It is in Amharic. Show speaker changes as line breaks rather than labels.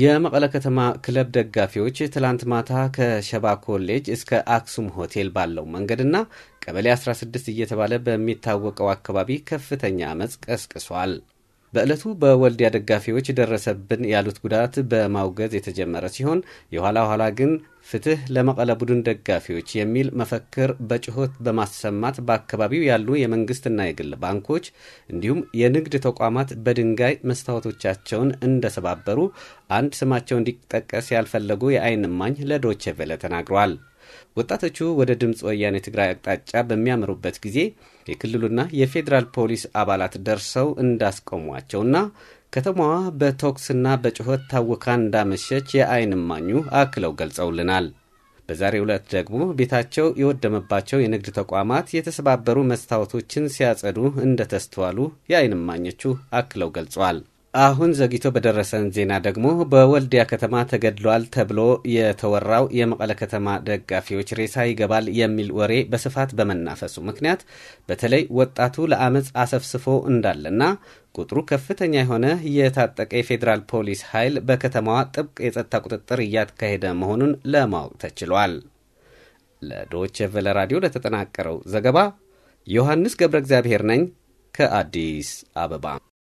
የመቀለ ከተማ ክለብ ደጋፊዎች ትላንት ማታ ከሸባ ኮሌጅ እስከ አክሱም ሆቴል ባለው መንገድና ቀበሌ 16 እየተባለ በሚታወቀው አካባቢ ከፍተኛ አመፅ ቀስቅሷል። በዕለቱ በወልዲያ ደጋፊዎች ደረሰብን ያሉት ጉዳት በማውገዝ የተጀመረ ሲሆን የኋላ ኋላ ግን ፍትህ ለመቀለ ቡድን ደጋፊዎች የሚል መፈክር በጩኸት በማሰማት በአካባቢው ያሉ የመንግስትና የግል ባንኮች እንዲሁም የንግድ ተቋማት በድንጋይ መስታወቶቻቸውን እንደሰባበሩ አንድ ስማቸው እንዲጠቀስ ያልፈለጉ የአይን እማኝ ለዶቼ ቬለ ወጣቶቹ ወደ ድምፅ ወያኔ ትግራይ አቅጣጫ በሚያመሩበት ጊዜ የክልሉና የፌዴራል ፖሊስ አባላት ደርሰው እንዳስቆሟቸውና ከተማዋ በቶክስና በጩኸት ታውካ እንዳመሸች የአይን እማኙ አክለው ገልጸውልናል። በዛሬ ዕለት ደግሞ ቤታቸው የወደመባቸው የንግድ ተቋማት የተሰባበሩ መስታወቶችን ሲያጸዱ እንደተስተዋሉ የአይንማኞቹ እማኞቹ አክለው ገልጸዋል። አሁን ዘግይቶ በደረሰን ዜና ደግሞ በወልዲያ ከተማ ተገድሏል ተብሎ የተወራው የመቀለ ከተማ ደጋፊዎች ሬሳ ይገባል የሚል ወሬ በስፋት በመናፈሱ ምክንያት በተለይ ወጣቱ ለአመፅ አሰፍስፎ እንዳለና ቁጥሩ ከፍተኛ የሆነ የታጠቀ የፌዴራል ፖሊስ ኃይል በከተማዋ ጥብቅ የጸጥታ ቁጥጥር እያካሄደ መሆኑን ለማወቅ ተችሏል። ለዶች ቨለ ራዲዮ ለተጠናቀረው ዘገባ ዮሐንስ ገብረ እግዚአብሔር ነኝ ከአዲስ አበባ